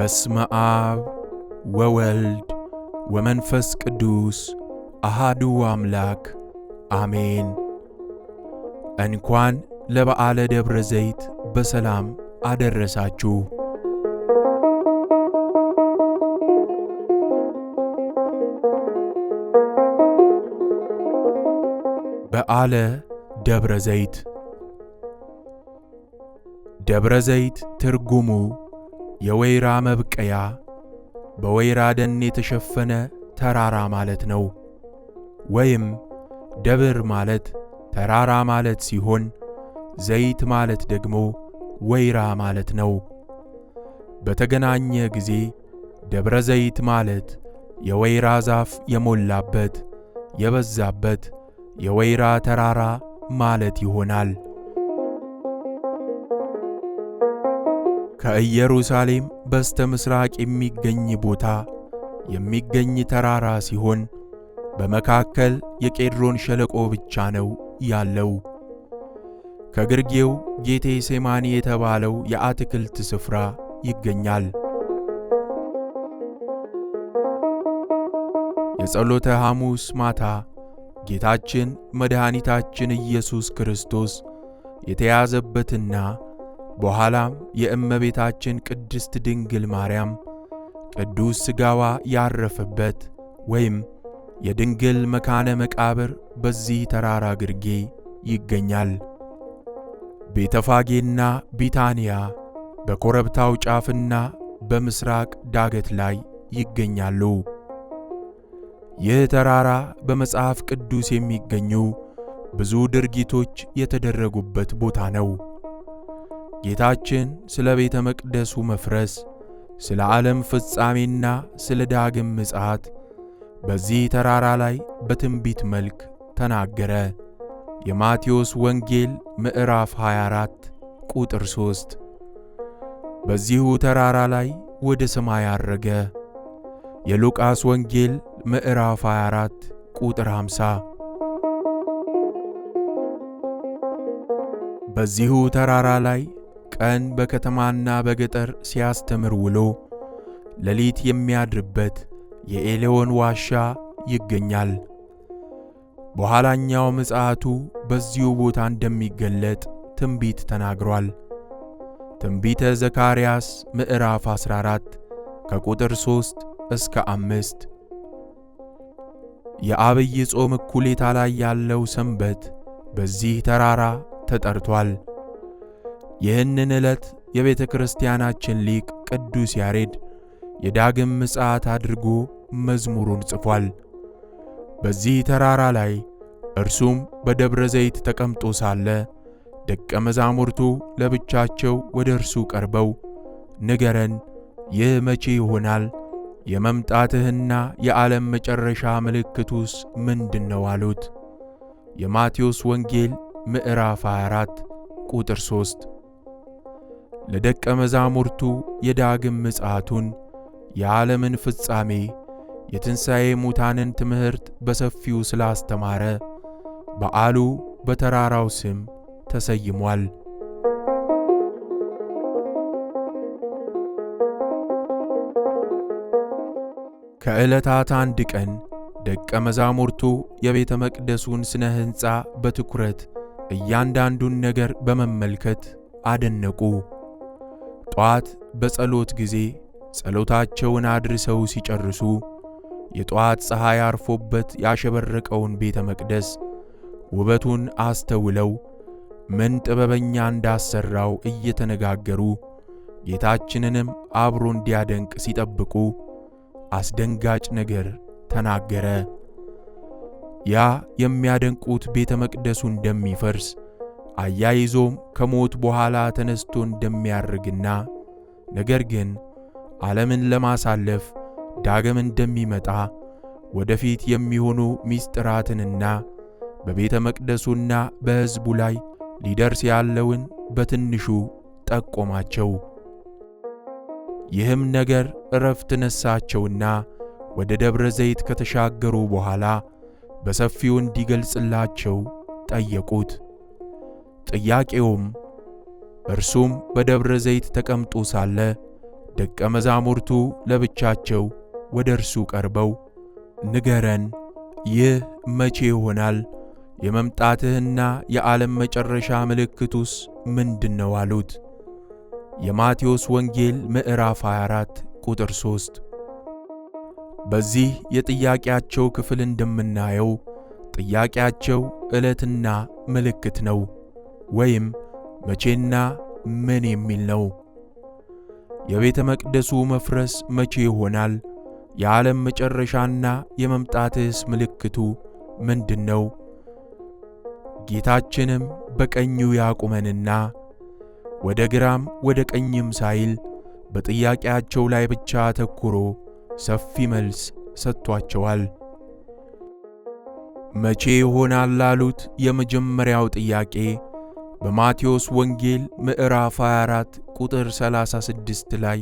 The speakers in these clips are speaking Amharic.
በስመ አብ ወወልድ ወመንፈስ ቅዱስ አሃዱ አምላክ አሜን። እንኳን ለበዓለ ደብረ ዘይት በሰላም አደረሳችሁ። በዓለ ደብረ ዘይት። ደብረ ዘይት ትርጉሙ የወይራ መብቀያ በወይራ ደን የተሸፈነ ተራራ ማለት ነው። ወይም ደብር ማለት ተራራ ማለት ሲሆን ዘይት ማለት ደግሞ ወይራ ማለት ነው። በተገናኘ ጊዜ ደብረ ዘይት ማለት የወይራ ዛፍ የሞላበት የበዛበት የወይራ ተራራ ማለት ይሆናል። ከኢየሩሳሌም በስተ ምሥራቅ የሚገኝ ቦታ የሚገኝ ተራራ ሲሆን በመካከል የቄድሮን ሸለቆ ብቻ ነው ያለው። ከግርጌው ጌቴ ሴማኒ የተባለው የአትክልት ስፍራ ይገኛል። የጸሎተ ሐሙስ ማታ ጌታችን መድኃኒታችን ኢየሱስ ክርስቶስ የተያዘበትና በኋላም የእመቤታችን ቅድስት ድንግል ማርያም ቅዱስ ሥጋዋ ያረፈበት ወይም የድንግል መካነ መቃብር በዚህ ተራራ ግርጌ ይገኛል። ቤተፋጌና ቢታንያ በኮረብታው ጫፍና በምስራቅ ዳገት ላይ ይገኛሉ። ይህ ተራራ በመጽሐፍ ቅዱስ የሚገኙ ብዙ ድርጊቶች የተደረጉበት ቦታ ነው። ጌታችን ስለ ቤተ መቅደሱ መፍረስ፣ ስለ ዓለም ፍጻሜና ስለ ዳግም ምጽአት በዚህ ተራራ ላይ በትንቢት መልክ ተናገረ። የማቴዎስ ወንጌል ምዕራፍ 24 ቁጥር 3። በዚሁ ተራራ ላይ ወደ ሰማይ አረገ። የሉቃስ ወንጌል ምዕራፍ 24 ቁጥር 50። በዚሁ ተራራ ላይ ቀን በከተማና በገጠር ሲያስተምር ውሎ ሌሊት የሚያድርበት የኤሌዎን ዋሻ ይገኛል። በኋላኛው ምጽአቱ በዚሁ ቦታ እንደሚገለጥ ትንቢት ተናግሯል። ትንቢተ ዘካርያስ ምዕራፍ 14 ከቁጥር 3 እስከ 5። የአብይ ጾም እኩሌታ ላይ ያለው ሰንበት በዚህ ተራራ ተጠርቷል። ይህንን ዕለት የቤተ ክርስቲያናችን ሊቅ ቅዱስ ያሬድ የዳግም ምጽአት አድርጎ መዝሙሩን ጽፏል። በዚህ ተራራ ላይ እርሱም በደብረ ዘይት ተቀምጦ ሳለ ደቀ መዛሙርቱ ለብቻቸው ወደ እርሱ ቀርበው ንገረን፣ ይህ መቼ ይሆናል? የመምጣትህና የዓለም መጨረሻ ምልክቱስ ምንድን ነው? አሉት። የማቴዎስ ወንጌል ምዕራፍ 24 ቁጥር 3 ለደቀ መዛሙርቱ የዳግም ምጽአቱን፣ የዓለምን ፍጻሜ፣ የትንሣኤ ሙታንን ትምህርት በሰፊው ስላስተማረ በዓሉ በተራራው ስም ተሰይሟል። ከዕለታት አንድ ቀን ደቀ መዛሙርቱ የቤተ መቅደሱን ሥነ ሕንፃ በትኩረት እያንዳንዱን ነገር በመመልከት አደነቁ። ጠዋት በጸሎት ጊዜ ጸሎታቸውን አድርሰው ሲጨርሱ የጠዋት ፀሐይ አርፎበት ያሸበረቀውን ቤተ መቅደስ ውበቱን አስተውለው ምን ጥበበኛ እንዳሰራው እየተነጋገሩ ጌታችንንም አብሮ እንዲያደንቅ ሲጠብቁ አስደንጋጭ ነገር ተናገረ። ያ የሚያደንቁት ቤተ መቅደሱ እንደሚፈርስ አያይዞም ከሞት በኋላ ተነስቶ እንደሚያርግና ነገር ግን ዓለምን ለማሳለፍ ዳግም እንደሚመጣ ወደፊት የሚሆኑ ምስጢራትንና በቤተ መቅደሱና በሕዝቡ ላይ ሊደርስ ያለውን በትንሹ ጠቆማቸው። ይህም ነገር እረፍት ነሳቸውና ወደ ደብረ ዘይት ከተሻገሩ በኋላ በሰፊው እንዲገልጽላቸው ጠየቁት። ጥያቄውም እርሱም በደብረ ዘይት ተቀምጦ ሳለ ደቀ መዛሙርቱ ለብቻቸው ወደ እርሱ ቀርበው ንገረን፣ ይህ መቼ ይሆናል? የመምጣትህና የዓለም መጨረሻ ምልክቱስ ምንድን ነው? አሉት። የማቴዎስ ወንጌል ምዕራፍ 24 ቁጥር 3። በዚህ የጥያቄያቸው ክፍል እንደምናየው ጥያቄያቸው ዕለትና ምልክት ነው። ወይም መቼና ምን የሚል ነው። የቤተ መቅደሱ መፍረስ መቼ ይሆናል? የዓለም መጨረሻና የመምጣትስ ምልክቱ ምንድን ነው? ጌታችንም በቀኙ ያቁመንና ወደ ግራም ወደ ቀኝም ሳይል በጥያቄያቸው ላይ ብቻ አተኩሮ ሰፊ መልስ ሰጥቷቸዋል። መቼ ይሆናል ላሉት የመጀመሪያው ጥያቄ በማቴዎስ ወንጌል ምዕራፍ 24 ቁጥር 36 ላይ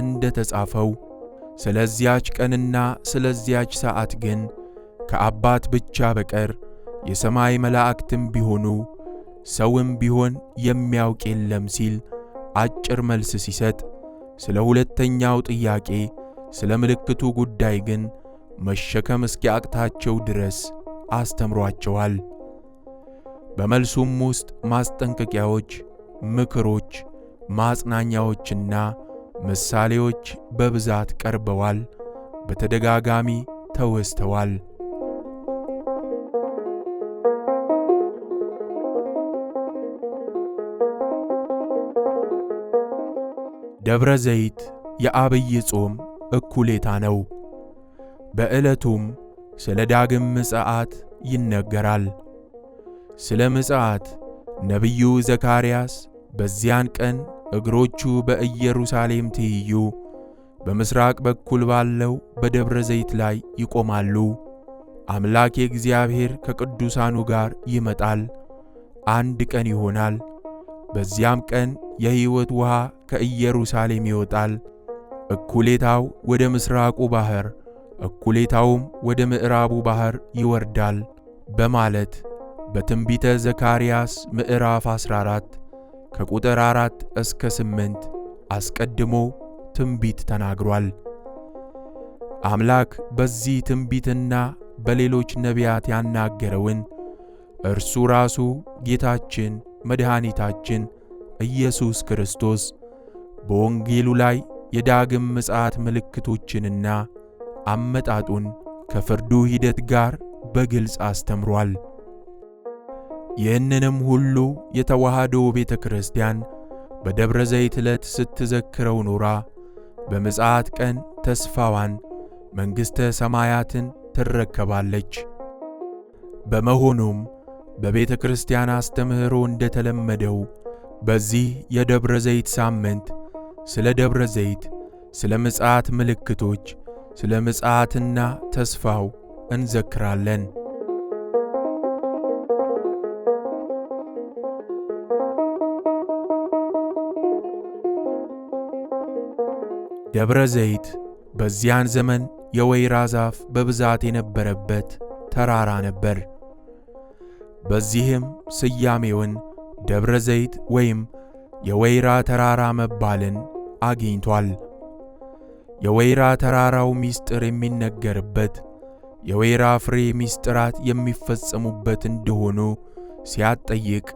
እንደ ተጻፈው ስለዚያች ቀንና ስለዚያች ሰዓት ግን ከአባት ብቻ በቀር የሰማይ መላእክትም ቢሆኑ ሰውም ቢሆን የሚያውቅ የለም ሲል አጭር መልስ ሲሰጥ፣ ስለ ሁለተኛው ጥያቄ ስለ ምልክቱ ጉዳይ ግን መሸከም እስኪያቅታቸው ድረስ አስተምሯቸዋል። በመልሱም ውስጥ ማስጠንቀቂያዎች፣ ምክሮች፣ ማጽናኛዎችና ምሳሌዎች በብዛት ቀርበዋል፣ በተደጋጋሚ ተወስተዋል። ደብረ ዘይት የአብይ ጾም እኩሌታ ነው። በዕለቱም ስለ ዳግም ምጽአት ይነገራል። ስለ ምጽአት ነቢዩ ዘካርያስ በዚያን ቀን እግሮቹ በኢየሩሳሌም ትይዩ በምሥራቅ በኩል ባለው በደብረ ዘይት ላይ ይቆማሉ። አምላክ እግዚአብሔር ከቅዱሳኑ ጋር ይመጣል። አንድ ቀን ይሆናል። በዚያም ቀን የሕይወት ውኃ ከኢየሩሳሌም ይወጣል። እኩሌታው ወደ ምሥራቁ ባሕር፣ እኩሌታውም ወደ ምዕራቡ ባሕር ይወርዳል በማለት በትንቢተ ዘካርያስ ምዕራፍ 14 ከቁጥር 4 እስከ 8 አስቀድሞ ትንቢት ተናግሯል። አምላክ በዚህ ትንቢትና በሌሎች ነቢያት ያናገረውን እርሱ ራሱ ጌታችን መድኃኒታችን ኢየሱስ ክርስቶስ በወንጌሉ ላይ የዳግም ምጽአት ምልክቶችንና አመጣጡን ከፍርዱ ሂደት ጋር በግልጽ አስተምሯል። ይህንንም ሁሉ የተዋሃዶ ቤተ ክርስቲያን በደብረ ዘይት ዕለት ስትዘክረው ኖራ በምጽአት ቀን ተስፋዋን መንግሥተ ሰማያትን ትረከባለች። በመሆኑም በቤተ ክርስቲያን አስተምህሮ እንደተለመደው በዚህ የደብረ ዘይት ሳምንት ስለ ደብረ ዘይት፣ ስለ ምጽአት ምልክቶች፣ ስለ ምጽአትና ተስፋው እንዘክራለን። ደብረ ዘይት በዚያን ዘመን የወይራ ዛፍ በብዛት የነበረበት ተራራ ነበር። በዚህም ስያሜውን ደብረ ዘይት ወይም የወይራ ተራራ መባልን አግኝቷል። የወይራ ተራራው ምስጢር የሚነገርበት የወይራ ፍሬ ምስጢራት የሚፈጸሙበት እንደሆኑ ሲያጠይቅ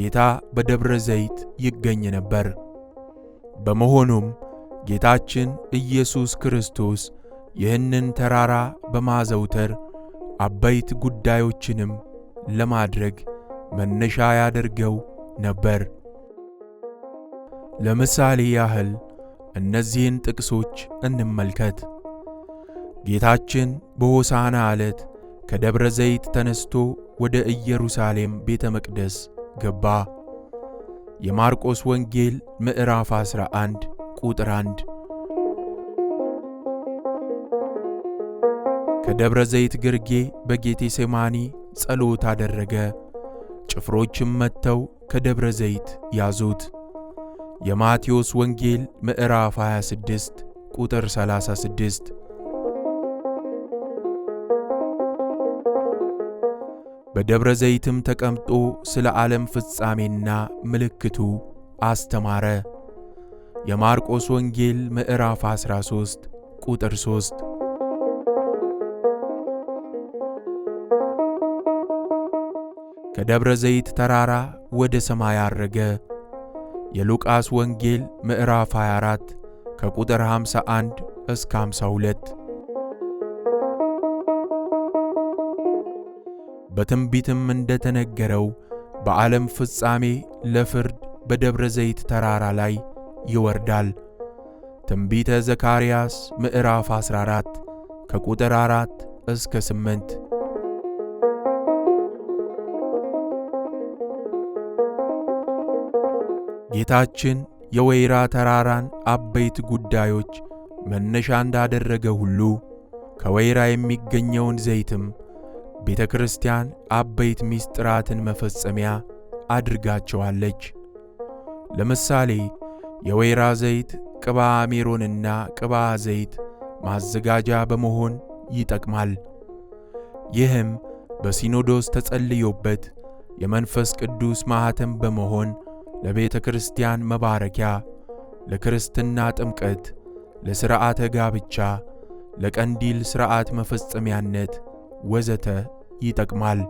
ጌታ በደብረ ዘይት ይገኝ ነበር። በመሆኑም ጌታችን ኢየሱስ ክርስቶስ ይህንን ተራራ በማዘውተር አበይት ጉዳዮችንም ለማድረግ መነሻ ያደርገው ነበር። ለምሳሌ ያህል እነዚህን ጥቅሶች እንመልከት። ጌታችን በሆሳና ዕለት ከደብረ ዘይት ተነስቶ ወደ ኢየሩሳሌም ቤተ መቅደስ ገባ። የማርቆስ ወንጌል ምዕራፍ 11 ቁጥር አንድ ከደብረ ዘይት ግርጌ በጌቴ ሴማኒ ጸሎት አደረገ። ጭፍሮችም መጥተው ከደብረ ዘይት ያዙት። የማቴዎስ ወንጌል ምዕራፍ 26 ቁጥር 36። በደብረ ዘይትም ተቀምጦ ስለ ዓለም ፍጻሜና ምልክቱ አስተማረ። የማርቆስ ወንጌል ምዕራፍ 13 ቁጥር 3። ከደብረ ዘይት ተራራ ወደ ሰማይ አረገ። የሉቃስ ወንጌል ምዕራፍ 24 ከቁጥር 51 እስከ 52። በትንቢትም እንደተነገረው በዓለም ፍጻሜ ለፍርድ በደብረ ዘይት ተራራ ላይ ይወርዳል። ትንቢተ ዘካርያስ ምዕራፍ 14 ከቁጥር 4 እስከ 8። ጌታችን የወይራ ተራራን አበይት ጉዳዮች መነሻ እንዳደረገ ሁሉ ከወይራ የሚገኘውን ዘይትም ቤተ ክርስቲያን አበይት ምስጢራትን መፈጸሚያ አድርጋቸዋለች። ለምሳሌ የወይራ ዘይት፣ ቅባ ሜሮንና ቅባ ዘይት ማዘጋጃ በመሆን ይጠቅማል። ይህም በሲኖዶስ ተጸልዮበት የመንፈስ ቅዱስ ማኅተም በመሆን ለቤተ ክርስቲያን መባረኪያ፣ ለክርስትና ጥምቀት፣ ለሥርዓተ ጋብቻ፣ ለቀንዲል ሥርዓት መፈጸሚያነት ወዘተ ይጠቅማል።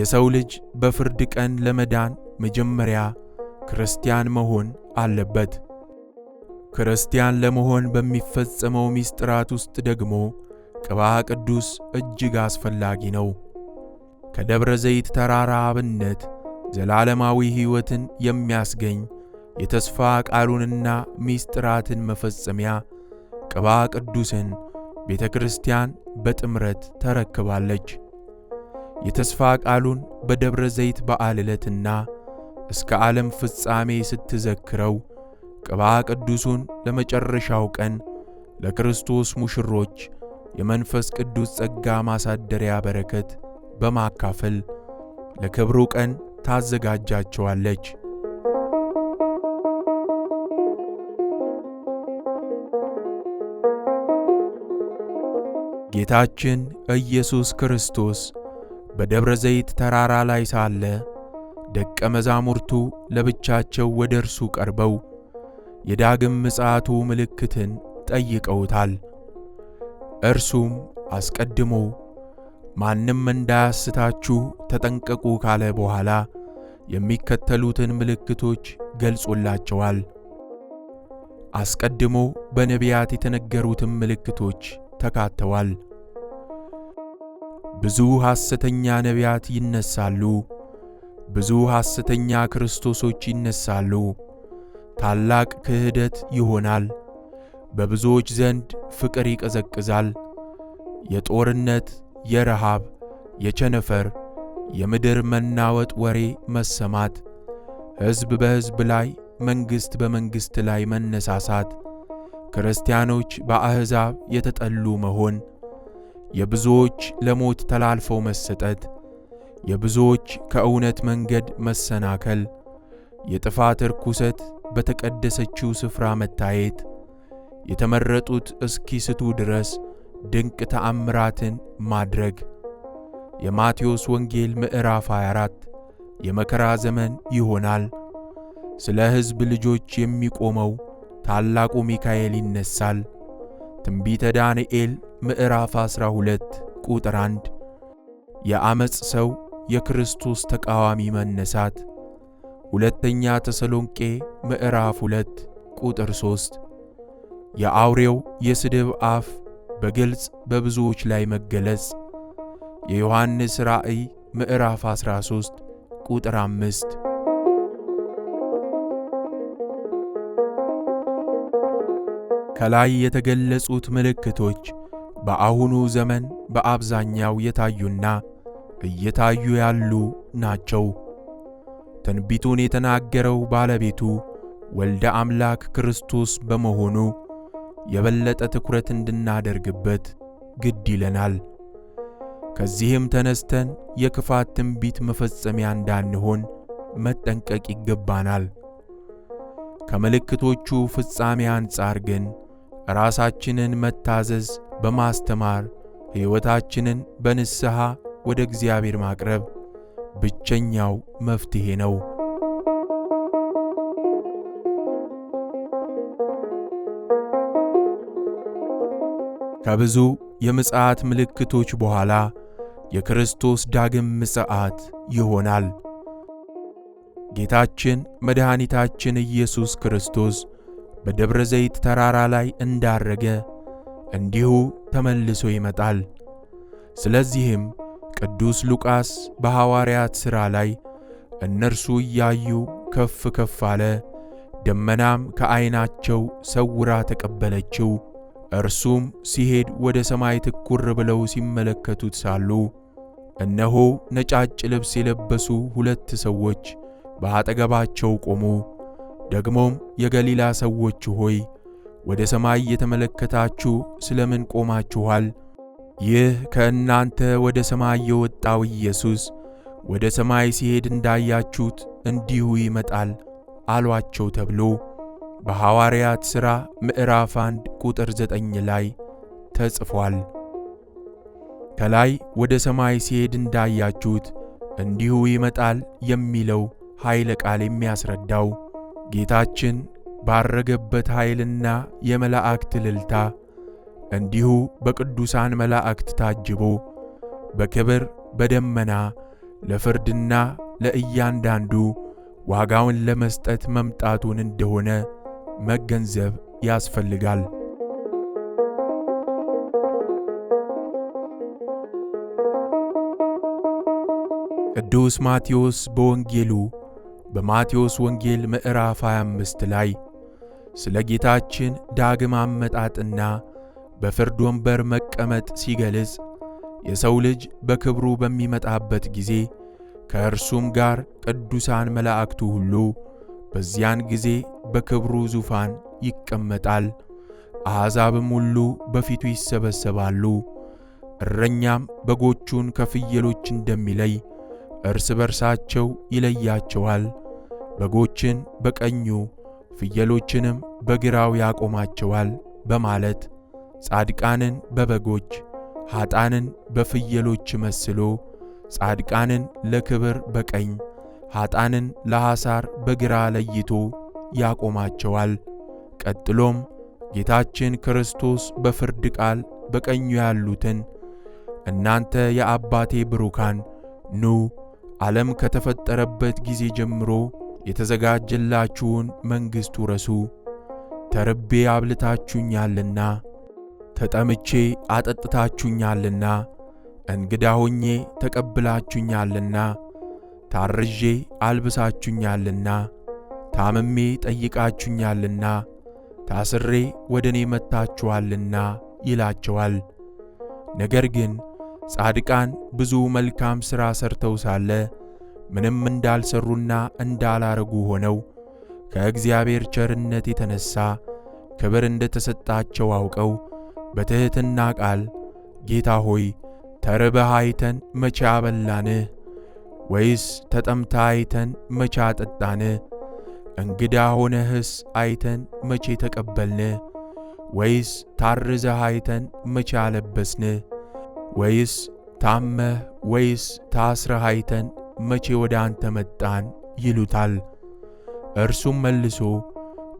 የሰው ልጅ በፍርድ ቀን ለመዳን መጀመሪያ ክርስቲያን መሆን አለበት። ክርስቲያን ለመሆን በሚፈጸመው ምስጢራት ውስጥ ደግሞ ቅባ ቅዱስ እጅግ አስፈላጊ ነው። ከደብረ ዘይት ተራራ አብነት ዘላለማዊ ሕይወትን የሚያስገኝ የተስፋ ቃሉንና ምስጢራትን መፈጸሚያ ቅባ ቅዱስን ቤተ ክርስቲያን በጥምረት ተረክባለች። የተስፋ ቃሉን በደብረ ዘይት በዓል ዕለትና እስከ ዓለም ፍጻሜ ስትዘክረው ቅባ ቅዱሱን ለመጨረሻው ቀን ለክርስቶስ ሙሽሮች የመንፈስ ቅዱስ ጸጋ ማሳደሪያ በረከት በማካፈል ለክብሩ ቀን ታዘጋጃቸዋለች። ጌታችን ኢየሱስ ክርስቶስ በደብረ ዘይት ተራራ ላይ ሳለ ደቀ መዛሙርቱ ለብቻቸው ወደ እርሱ ቀርበው የዳግም ምጽአቱ ምልክትን ጠይቀውታል። እርሱም አስቀድሞ ማንም እንዳያስታችሁ ተጠንቀቁ ካለ በኋላ የሚከተሉትን ምልክቶች ገልጾላቸዋል። አስቀድሞ በነቢያት የተነገሩትን ምልክቶች ተካተዋል። ብዙ ሐሰተኛ ነቢያት ይነሳሉ ብዙ ሐሰተኛ ክርስቶሶች ይነሳሉ፣ ታላቅ ክህደት ይሆናል፣ በብዙዎች ዘንድ ፍቅር ይቀዘቅዛል። የጦርነት፣ የረሃብ፣ የቸነፈር፣ የምድር መናወጥ ወሬ መሰማት፣ ሕዝብ በሕዝብ ላይ፣ መንግሥት በመንግሥት ላይ መነሳሳት፣ ክርስቲያኖች በአሕዛብ የተጠሉ መሆን፣ የብዙዎች ለሞት ተላልፈው መሰጠት የብዙዎች ከእውነት መንገድ መሰናከል፣ የጥፋት ርኩሰት በተቀደሰችው ስፍራ መታየት፣ የተመረጡት እስኪስቱ ድረስ ድንቅ ተአምራትን ማድረግ የማቴዎስ ወንጌል ምዕራፍ 24 የመከራ ዘመን ይሆናል። ስለ ሕዝብ ልጆች የሚቆመው ታላቁ ሚካኤል ይነሳል። ትንቢተ ዳንኤል ምዕራፍ 12 ቁጥር 1 የአመጽ ሰው የክርስቶስ ተቃዋሚ መነሳት። ሁለተኛ ተሰሎንቄ ምዕራፍ 2 ቁጥር 3። የአውሬው የስድብ አፍ በግልጽ በብዙዎች ላይ መገለጽ። የዮሐንስ ራእይ ምዕራፍ 13 ቁጥር 5። ከላይ የተገለጹት ምልክቶች በአሁኑ ዘመን በአብዛኛው የታዩና እየታዩ ያሉ ናቸው። ትንቢቱን የተናገረው ባለቤቱ ወልደ አምላክ ክርስቶስ በመሆኑ የበለጠ ትኩረት እንድናደርግበት ግድ ይለናል። ከዚህም ተነስተን የክፋት ትንቢት መፈጸሚያ እንዳንሆን መጠንቀቅ ይገባናል። ከምልክቶቹ ፍጻሜ አንጻር ግን ራሳችንን መታዘዝ በማስተማር ሕይወታችንን በንስሐ ወደ እግዚአብሔር ማቅረብ ብቸኛው መፍትሄ ነው። ከብዙ የምጽዓት ምልክቶች በኋላ የክርስቶስ ዳግም ምጽዓት ይሆናል። ጌታችን መድኃኒታችን ኢየሱስ ክርስቶስ በደብረ ዘይት ተራራ ላይ እንዳረገ እንዲሁ ተመልሶ ይመጣል። ስለዚህም ቅዱስ ሉቃስ በሐዋርያት ሥራ ላይ እነርሱ እያዩ ከፍ ከፍ አለ፣ ደመናም ከዐይናቸው ሰውራ ተቀበለችው። እርሱም ሲሄድ ወደ ሰማይ ትኩር ብለው ሲመለከቱት ሳሉ እነሆ ነጫጭ ልብስ የለበሱ ሁለት ሰዎች በአጠገባቸው ቆሙ። ደግሞም የገሊላ ሰዎች ሆይ ወደ ሰማይ የተመለከታችሁ ስለምን ቆማችኋል? ይህ ከእናንተ ወደ ሰማይ የወጣው ኢየሱስ ወደ ሰማይ ሲሄድ እንዳያችሁት እንዲሁ ይመጣል አሏቸው ተብሎ በሐዋርያት ሥራ ምዕራፍ 1 ቁጥር 9 ላይ ተጽፏል። ከላይ ወደ ሰማይ ሲሄድ እንዳያችሁት እንዲሁ ይመጣል የሚለው ኃይለ ቃል የሚያስረዳው ጌታችን ባረገበት ኃይልና የመላእክት ልልታ እንዲሁ በቅዱሳን መላእክት ታጅቦ በክብር በደመና ለፍርድና ለእያንዳንዱ ዋጋውን ለመስጠት መምጣቱን እንደሆነ መገንዘብ ያስፈልጋል። ቅዱስ ማቴዎስ በወንጌሉ በማቴዎስ ወንጌል ምዕራፍ 25 ላይ ስለ ጌታችን ዳግም አመጣጥና በፍርድ ወንበር መቀመጥ ሲገልጽ የሰው ልጅ በክብሩ በሚመጣበት ጊዜ ከእርሱም ጋር ቅዱሳን መላእክቱ ሁሉ በዚያን ጊዜ በክብሩ ዙፋን ይቀመጣል። አሕዛብም ሁሉ በፊቱ ይሰበሰባሉ። እረኛም በጎቹን ከፍየሎች እንደሚለይ እርስ በርሳቸው ይለያቸዋል። በጎችን በቀኙ ፍየሎችንም በግራው ያቆማቸዋል በማለት ጻድቃንን በበጎች ኀጣንን በፍየሎች መስሎ ጻድቃንን ለክብር በቀኝ ኀጣንን ለሐሳር በግራ ለይቶ ያቆማቸዋል። ቀጥሎም ጌታችን ክርስቶስ በፍርድ ቃል በቀኙ ያሉትን እናንተ የአባቴ ብሩካን ኑ ዓለም ከተፈጠረበት ጊዜ ጀምሮ የተዘጋጀላችሁን መንግሥቱ ውረሱ፣ ተርቤ አብልታችሁኛልና ተጠምቼ አጠጥታችሁኛልና፣ እንግዳ ሆኜ ተቀብላችሁኛልና፣ ታርዤ አልብሳችሁኛልና፣ ታምሜ ጠይቃችሁኛልና፣ ታስሬ ወደ እኔ መጥታችኋልና ይላቸዋል። ነገር ግን ጻድቃን ብዙ መልካም ሥራ ሰርተው ሳለ ምንም እንዳልሰሩና እንዳላረጉ ሆነው ከእግዚአብሔር ቸርነት የተነሣ ክብር እንደተሰጣቸው አውቀው በትሕትና ቃል ጌታ ሆይ ተርበህ አይተን መቼ አበላንህ? ወይስ ተጠምታ አይተን መቼ አጠጣንህ? እንግዳ ሆነህስ አይተን መቼ ተቀበልንህ? ወይስ ታርዘህ አይተን መቼ አለበስንህ? ወይስ ታመህ ወይስ ታስረህ አይተን መቼ ወደ አንተ መጣን? ይሉታል። እርሱም መልሶ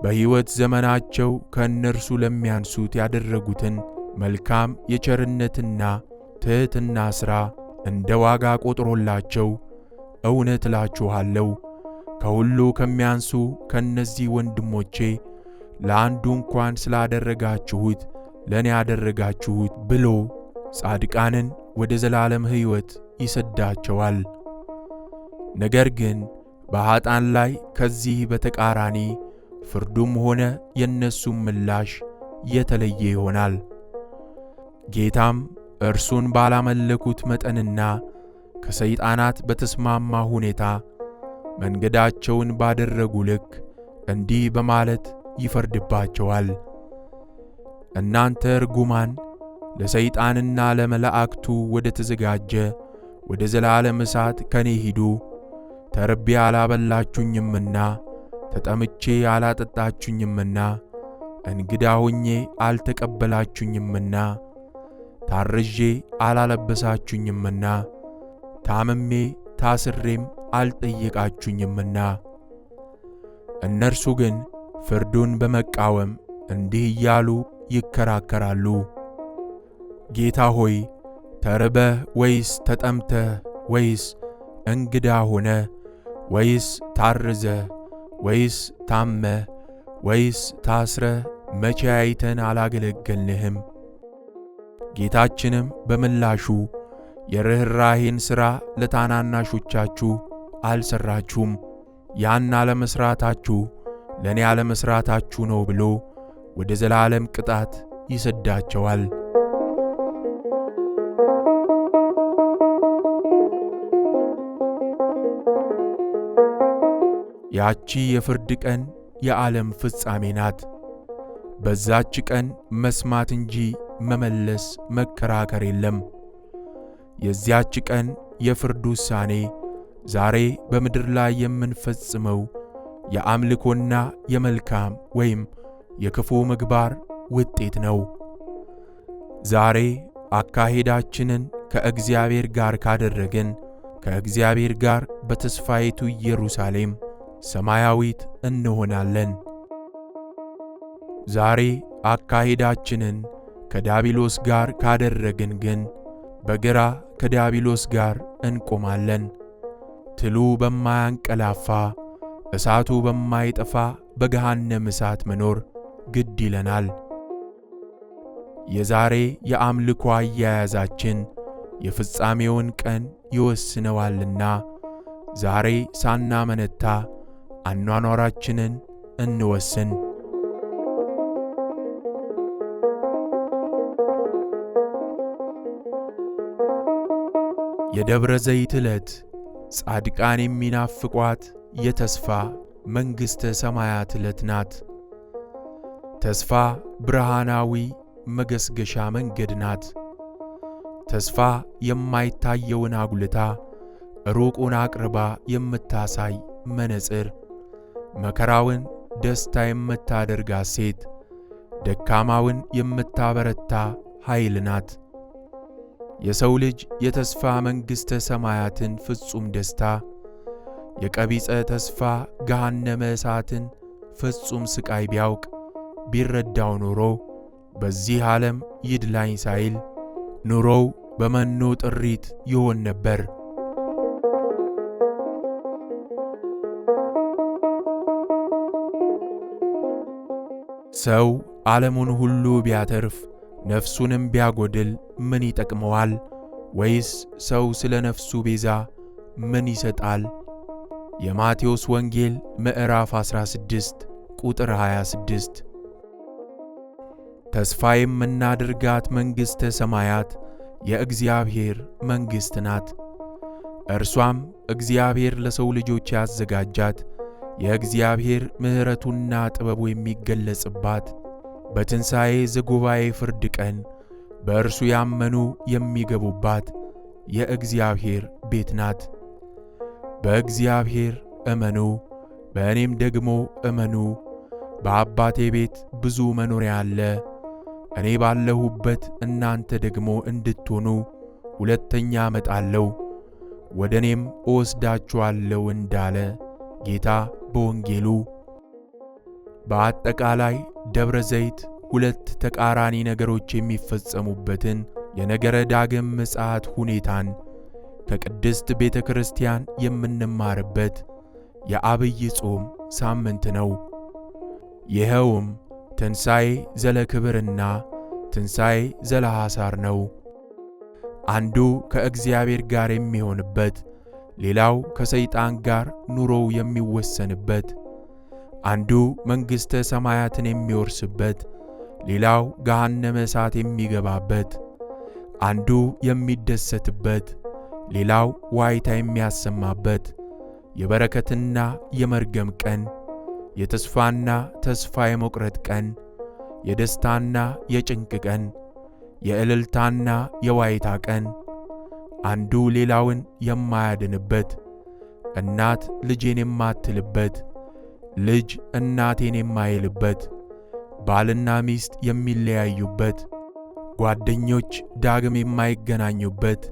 በሕይወት ዘመናቸው ከእነርሱ ለሚያንሱት ያደረጉትን መልካም የቸርነትና ትሕትና ሥራ እንደ ዋጋ ቆጥሮላቸው፣ እውነት እላችኋለሁ ከሁሉ ከሚያንሱ ከእነዚህ ወንድሞቼ ለአንዱ እንኳን ስላደረጋችሁት ለእኔ ያደረጋችሁት ብሎ ጻድቃንን ወደ ዘላለም ሕይወት ይሰዳቸዋል። ነገር ግን በኀጣን ላይ ከዚህ በተቃራኒ ፍርዱም ሆነ የእነሱም ምላሽ የተለየ ይሆናል። ጌታም እርሱን ባላመለኩት መጠንና ከሰይጣናት በተስማማ ሁኔታ መንገዳቸውን ባደረጉ ልክ እንዲህ በማለት ይፈርድባቸዋል። እናንተ ርጉማን ለሰይጣንና ለመላእክቱ ወደ ተዘጋጀ ወደ ዘላለም እሳት ከኔ ሂዱ፣ ተርቤ አላበላችሁኝምና ተጠምቼ አላጠጣችሁኝምና እንግዳ ሆኜ አልተቀበላችሁኝምና ታርዤ አላለበሳችሁኝምና ታምሜ ታስሬም አልጠየቃችሁኝምና። እነርሱ ግን ፍርዱን በመቃወም እንዲህ እያሉ ይከራከራሉ። ጌታ ሆይ ተርበህ ወይስ ተጠምተህ ወይስ እንግዳ ሆነ ወይስ ታርዘህ ወይስ ታመ ወይስ ታስረ መቼ አይተን አላገለገልንህም? ጌታችንም በምላሹ የርኅራኄን ሥራ ለታናናሾቻችሁ አልሠራችሁም፣ ያን አለመሥራታችሁ ለእኔ አለመሥራታችሁ ነው ብሎ ወደ ዘላለም ቅጣት ይሰዳቸዋል። ያቺ የፍርድ ቀን የዓለም ፍጻሜ ናት። በዛች ቀን መስማት እንጂ መመለስ መከራከር የለም። የዚያች ቀን የፍርድ ውሳኔ ዛሬ በምድር ላይ የምንፈጽመው የአምልኮና የመልካም ወይም የክፉ ምግባር ውጤት ነው። ዛሬ አካሄዳችንን ከእግዚአብሔር ጋር ካደረግን ከእግዚአብሔር ጋር በተስፋይቱ ኢየሩሳሌም ሰማያዊት እንሆናለን። ዛሬ አካሄዳችንን ከዲያብሎስ ጋር ካደረግን ግን በግራ ከዲያብሎስ ጋር እንቆማለን። ትሉ በማያንቀላፋ እሳቱ በማይጠፋ በገሃነም እሳት መኖር ግድ ይለናል። የዛሬ የአምልኮ አያያዛችን የፍጻሜውን ቀን ይወስነዋልና ዛሬ ሳናመነታ አኗኗራችንን እንወስን። የደብረ ዘይት ዕለት ጻድቃን የሚናፍቋት የተስፋ መንግሥተ ሰማያት ዕለት ናት። ተስፋ ብርሃናዊ መገስገሻ መንገድ ናት። ተስፋ የማይታየውን አጉልታ ሩቁን አቅርባ የምታሳይ መነጽር መከራውን ደስታ የምታደርጋት ሴት ደካማውን የምታበረታ ኃይል ናት። የሰው ልጅ የተስፋ መንግሥተ ሰማያትን ፍጹም ደስታ፣ የቀቢጸ ተስፋ ገሃነመ እሳትን ፍጹም ሥቃይ ቢያውቅ ቢረዳው ኖሮ በዚህ ዓለም ይድላኝ ሳይል ኑሮው በመኖ ጥሪት ይሆን ነበር። ሰው ዓለሙን ሁሉ ቢያተርፍ ነፍሱንም ቢያጎድል ምን ይጠቅመዋል? ወይስ ሰው ስለ ነፍሱ ቤዛ ምን ይሰጣል? የማቴዎስ ወንጌል ምዕራፍ 16 ቁጥር 26። ተስፋ የምናደርጋት መንግሥተ ሰማያት የእግዚአብሔር መንግሥት ናት። እርሷም እግዚአብሔር ለሰው ልጆች ያዘጋጃት የእግዚአብሔር ምሕረቱና ጥበቡ የሚገለጽባት በትንሣኤ ዘጉባኤ ፍርድ ቀን በእርሱ ያመኑ የሚገቡባት የእግዚአብሔር ቤት ናት። በእግዚአብሔር እመኑ፣ በእኔም ደግሞ እመኑ። በአባቴ ቤት ብዙ መኖሪያ አለ። እኔ ባለሁበት እናንተ ደግሞ እንድትሆኑ ሁለተኛ እመጣለሁ፣ ወደ እኔም እወስዳችኋለሁ እንዳለ ጌታ በወንጌሉ በአጠቃላይ ደብረ ዘይት ሁለት ተቃራኒ ነገሮች የሚፈጸሙበትን የነገረ ዳግም ምጽአት ሁኔታን ከቅድስት ቤተ ክርስቲያን የምንማርበት የአብይ ጾም ሳምንት ነው። ይኸውም ትንሣኤ ዘለ ክብርና ትንሣኤ ዘለ ሐሳር ነው። አንዱ ከእግዚአብሔር ጋር የሚሆንበት ሌላው ከሰይጣን ጋር ኑሮው የሚወሰንበት፣ አንዱ መንግሥተ ሰማያትን የሚወርስበት፣ ሌላው ገሃነመ እሳት የሚገባበት፣ አንዱ የሚደሰትበት፣ ሌላው ዋይታ የሚያሰማበት፣ የበረከትና የመርገም ቀን፣ የተስፋና ተስፋ የመቁረጥ ቀን፣ የደስታና የጭንቅ ቀን፣ የእልልታና የዋይታ ቀን አንዱ ሌላውን የማያድንበት፣ እናት ልጄን የማትልበት፣ ልጅ እናቴን የማይልበት፣ ባልና ሚስት የሚለያዩበት፣ ጓደኞች ዳግም የማይገናኙበት፣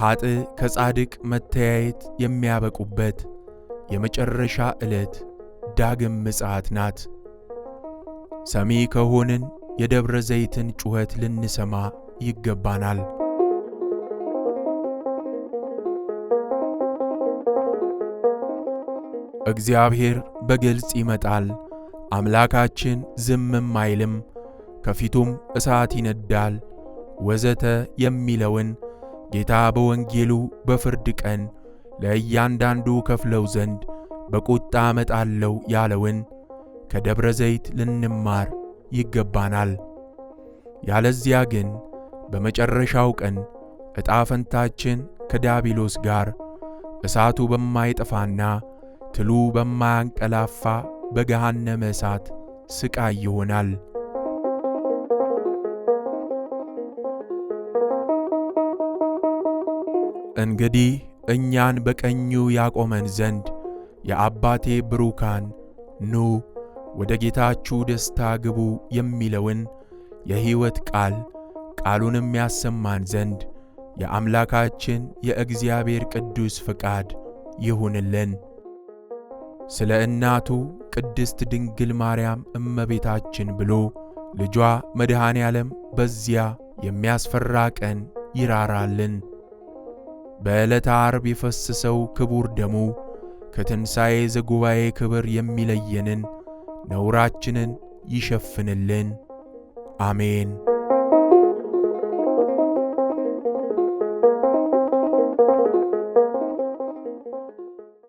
ኀጥ ከጻድቅ መተያየት የሚያበቁበት የመጨረሻ ዕለት ዳግም ምጽአት ናት። ሰሚ ከሆንን የደብረ ዘይትን ጩኸት ልንሰማ ይገባናል። እግዚአብሔር በግልጽ ይመጣል፣ አምላካችን ዝምም አይልም፣ ከፊቱም እሳት ይነዳል ወዘተ የሚለውን ጌታ በወንጌሉ በፍርድ ቀን ለእያንዳንዱ ከፍለው ዘንድ በቁጣ እመጣለሁ ያለውን ከደብረ ዘይት ልንማር ይገባናል። ያለዚያ ግን በመጨረሻው ቀን ዕጣ ፈንታችን ከዲያብሎስ ጋር እሳቱ በማይጠፋና ትሉ በማያንቀላፋ በገሃነመ እሳት ሥቃይ ይሆናል። እንግዲህ እኛን በቀኙ ያቆመን ዘንድ የአባቴ ብሩካን ኑ ወደ ጌታችሁ ደስታ ግቡ የሚለውን የሕይወት ቃል ቃሉንም ያሰማን ዘንድ የአምላካችን የእግዚአብሔር ቅዱስ ፍቃድ ይሁንልን። ስለ እናቱ ቅድስት ድንግል ማርያም እመቤታችን ብሎ ልጇ መድኃኔ ዓለም በዚያ የሚያስፈራ ቀን ይራራልን። በዕለተ ዓርብ የፈሰሰው ክቡር ደሙ ከትንሣኤ ዘጉባኤ ክብር የሚለየንን ነውራችንን ይሸፍንልን። አሜን።